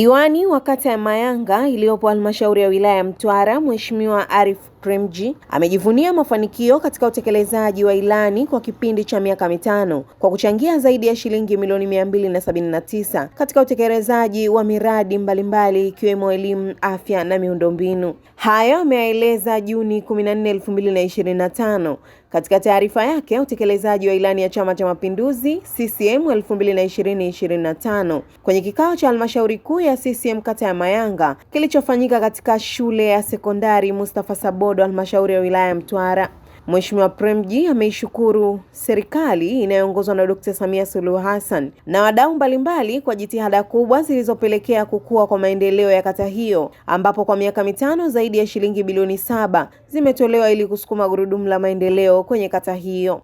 Diwani wa kata ya Mayanga iliyopo halmashauri ya wilaya ya Mtwara, Mheshimiwa Arif Premji amejivunia mafanikio katika utekelezaji wa ilani kwa kipindi cha miaka mitano kwa kuchangia zaidi ya shilingi milioni mia mbili na sabini na tisa katika utekelezaji wa miradi mbalimbali ikiwemo elimu, afya na miundombinu. Hayo ameyaeleza Juni 14, 2025 katika taarifa yake utekelezaji wa ilani ya Chama cha Mapinduzi CCM 2020-2025 kwenye kikao cha halmashauri kuu ya CCM kata ya Mayanga kilichofanyika katika shule ya sekondari Mustafa Sabodo halmashauri ya wilaya ya Mtwara Mheshimiwa Premji ameishukuru serikali inayoongozwa na Dkt. Samia Suluhu Hassan na wadau mbalimbali kwa jitihada kubwa zilizopelekea kukua kwa maendeleo ya kata hiyo, ambapo kwa miaka mitano zaidi ya shilingi bilioni saba zimetolewa ili kusukuma gurudumu la maendeleo kwenye kata hiyo.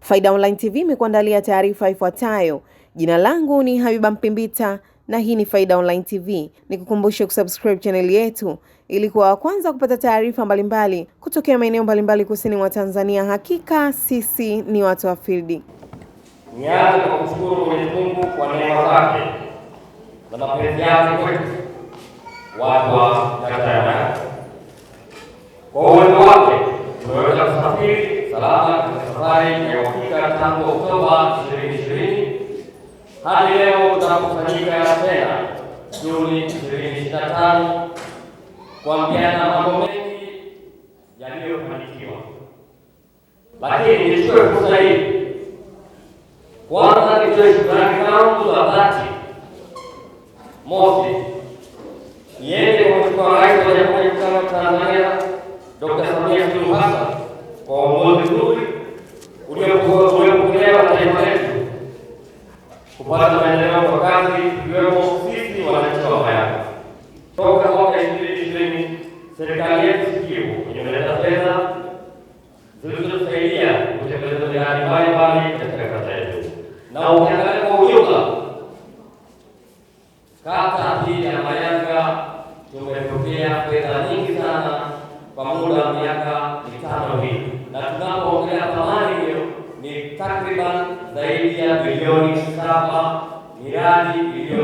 Faida Online TV imekuandalia taarifa ifuatayo. Jina langu ni Habiba Mpimbita na hii ni Faida Online TV. Nikukumbushe kusubscribe chaneli yetu ili kuwa wa kwanza kupata taarifa mbalimbali kutokea maeneo mbalimbali kusini mwa Tanzania. Hakika sisi ni watu wa field. Nianze kwa kushukuru Mwenyezi Mungu kwa neema zake na mapenzi yake kwetu watu wa Tanzania. Kwa uwezo wake tumeweza kusafiri salama katika safari ya uhakika tangu Oktoba 2020 hadi leo utakufanyika tena Juni ishirini na tano kuambiana mambo mengi yaliyofanikiwa, lakini nichukue fursa hii kwanza nitoe shukrani zangu za dhati. Mosi, niende kwa Mheshimiwa Rais wa Jamhuri ya Muungano wa Tanzania Dr. Samia Suluhu Hassan kwa uongozi mzuri uliokuwa na taifa kupata maendeleo kwa kazi ikiwemo sisi wananchi wa Mayaka. Toka mwaka ishirini ishirini serikali yetu sikivu imeleta pesa zilizotusaidia kutekeleza miradi mbalimbali katika kata yetu, na ukiangalia kwa ujumla kata hii ya Mayaka tumepokea fedha nyingi sana kwa muda wa miaka mitano hii, na tunapoongelea thamani asilimia bilioni saba miradi iliyo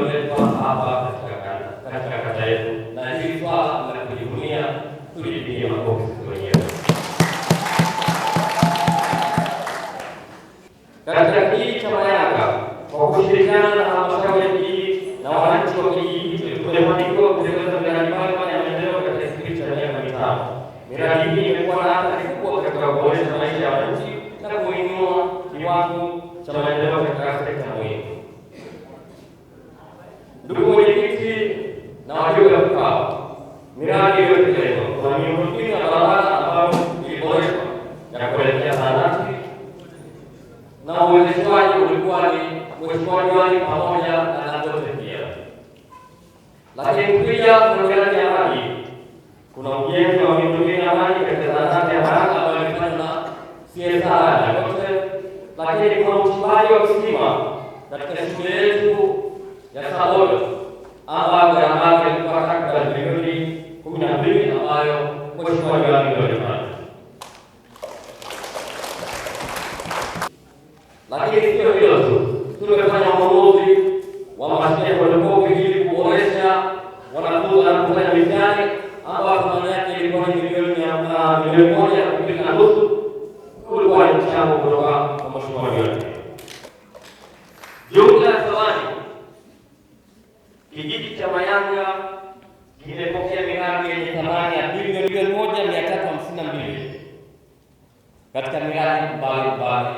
maadili ambayo Mheshimiwa Diwani ndio alifanya, lakini sio hilo tu, tumefanya ununuzi wa mashine ya kolekovi ili kuboresha wanafunzi wanapofanya mitihani ambayo thamani yake ilikuwa ni milioni ah, moja kupita na nusu, kulikuwa ni mchango kutoka kwa Mheshimiwa Diwani. katika miradi mbalimbali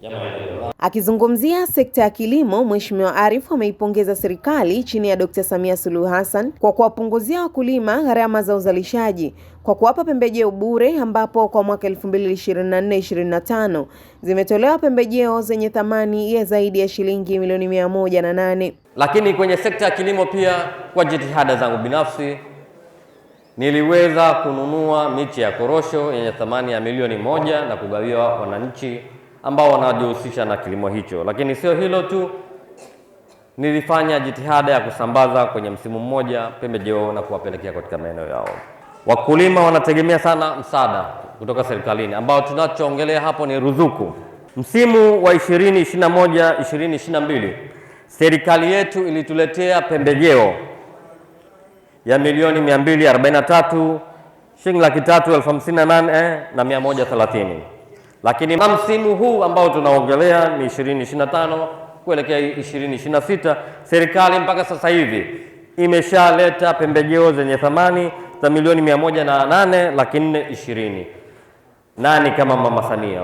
ya maendeleo. Akizungumzia sekta ya kilimo, Mheshimiwa Arif ameipongeza serikali chini ya Dkt. Samia Suluhu Hassan kwa kuwapunguzia wakulima gharama za uzalishaji kwa kuwapa pembejeo bure, ambapo kwa mwaka 2024-2025 zimetolewa pembejeo zenye thamani ya zaidi ya shilingi milioni mia na Lakini kwenye sekta ya kilimo pia, kwa jitihada zangu binafsi niliweza kununua miti ya korosho yenye thamani ya milioni moja na kugawiwa wananchi ambao wanajihusisha na kilimo hicho. Lakini sio hilo tu, nilifanya jitihada ya kusambaza kwenye msimu mmoja pembejeo na kuwapelekea katika maeneo yao. Wakulima wanategemea sana msaada kutoka serikalini, ambao tunachoongelea hapo ni ruzuku. Msimu wa 2021 2022 serikali yetu ilituletea pembejeo ya milioni 243 shilingi laki tatu elfu hamsini na nane eh, na mia moja thelathini lakini msimu huu ambao tunaongelea ni 2025 kuelekea 2026, serikali mpaka sasa hivi imeshaleta pembejeo zenye thamani za milioni mia moja laki 4 ishirini. Nani kama Mama Samia?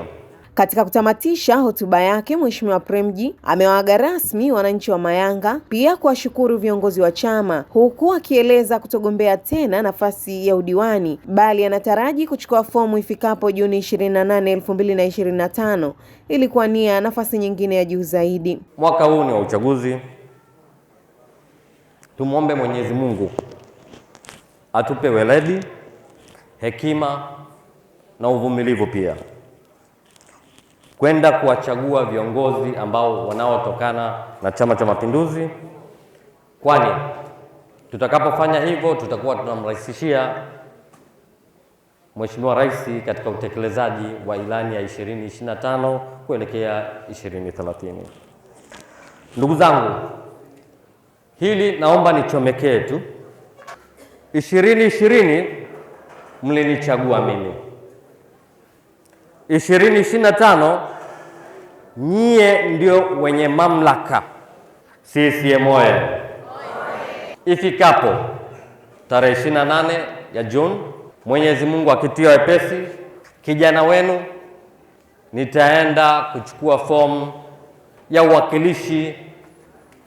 Katika kutamatisha hotuba yake, Mheshimiwa Premji amewaaga rasmi wananchi wa Mayanga, pia kuwashukuru viongozi wa chama, huku akieleza kutogombea tena nafasi ya udiwani, bali anataraji kuchukua fomu ifikapo Juni 28, 2025 ili kuwania nafasi nyingine ya juu zaidi. Mwaka huu ni wa uchaguzi, tumwombe Mwenyezi Mungu atupe weledi, hekima na uvumilivu pia kwenda kuwachagua viongozi ambao wanaotokana na Chama cha Mapinduzi, kwani tutakapofanya hivyo tutakuwa tunamrahisishia Mheshimiwa Rais katika utekelezaji wa ilani ya 2025 kuelekea 2030. Ndugu zangu, hili naomba nichomekee tu. 2020 mlinichagua mimi, 2025 nyie ndio wenye mamlaka. CCM oye! Ifikapo tarehe 28 ya Juni, Mwenyezi Mungu akitia wepesi, kijana wenu nitaenda kuchukua fomu ya uwakilishi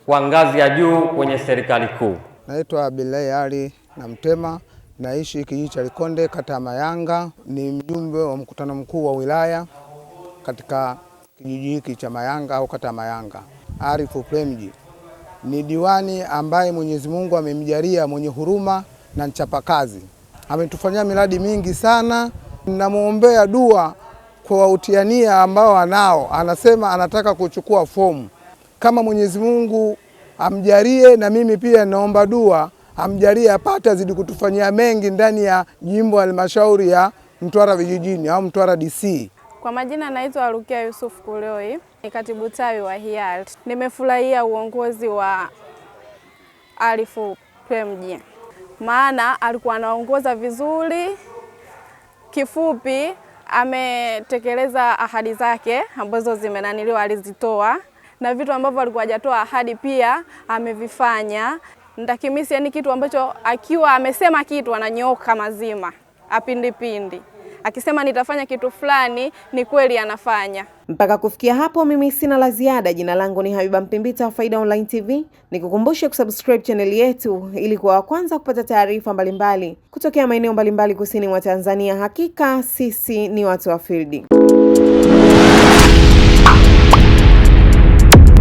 kwa ngazi ya juu kwenye serikali kuu. Naitwa Abdulahi Ali na Mtema, naishi kijiji cha Likonde, kata ya Mayanga. Ni mjumbe wa mkutano mkuu wa wilaya katika kijiji hiki cha Mayanga au kata Mayanga. Arifu Premji ni diwani ambaye Mwenyezi Mungu amemjalia mwenye huruma na mchapakazi, ametufanyia miradi mingi sana. Namwombea dua kwa wautiania ambao anao, anasema anataka kuchukua fomu. Kama Mwenyezi Mungu amjalie, na mimi pia naomba dua amjalie apate, azidi kutufanyia mengi ndani ya jimbo halmashauri ya Mtwara vijijini au Mtwara DC. Kwa majina naitwa Rukia Yusuf Kuloi, ni katibu tawi wa HIALT. Nimefurahia uongozi wa Arifu Premji, maana alikuwa anaongoza vizuri. Kifupi, ametekeleza ahadi zake ambazo zimenaniliwa, alizitoa na vitu ambavyo alikuwa hajatoa ahadi pia amevifanya. Ndakimisi, yani kitu ambacho akiwa amesema kitu ananyoka mazima apindipindi akisema nitafanya kitu fulani, ni kweli anafanya. Mpaka kufikia hapo, mimi sina la ziada. Jina langu ni Habiba Mpimbita wa Faida Online TV, nikukumbushe kusubscribe chaneli yetu ili kuwa wa kwanza kupata taarifa mbalimbali kutokea maeneo mbalimbali kusini mwa Tanzania. Hakika sisi ni watu wa fildi.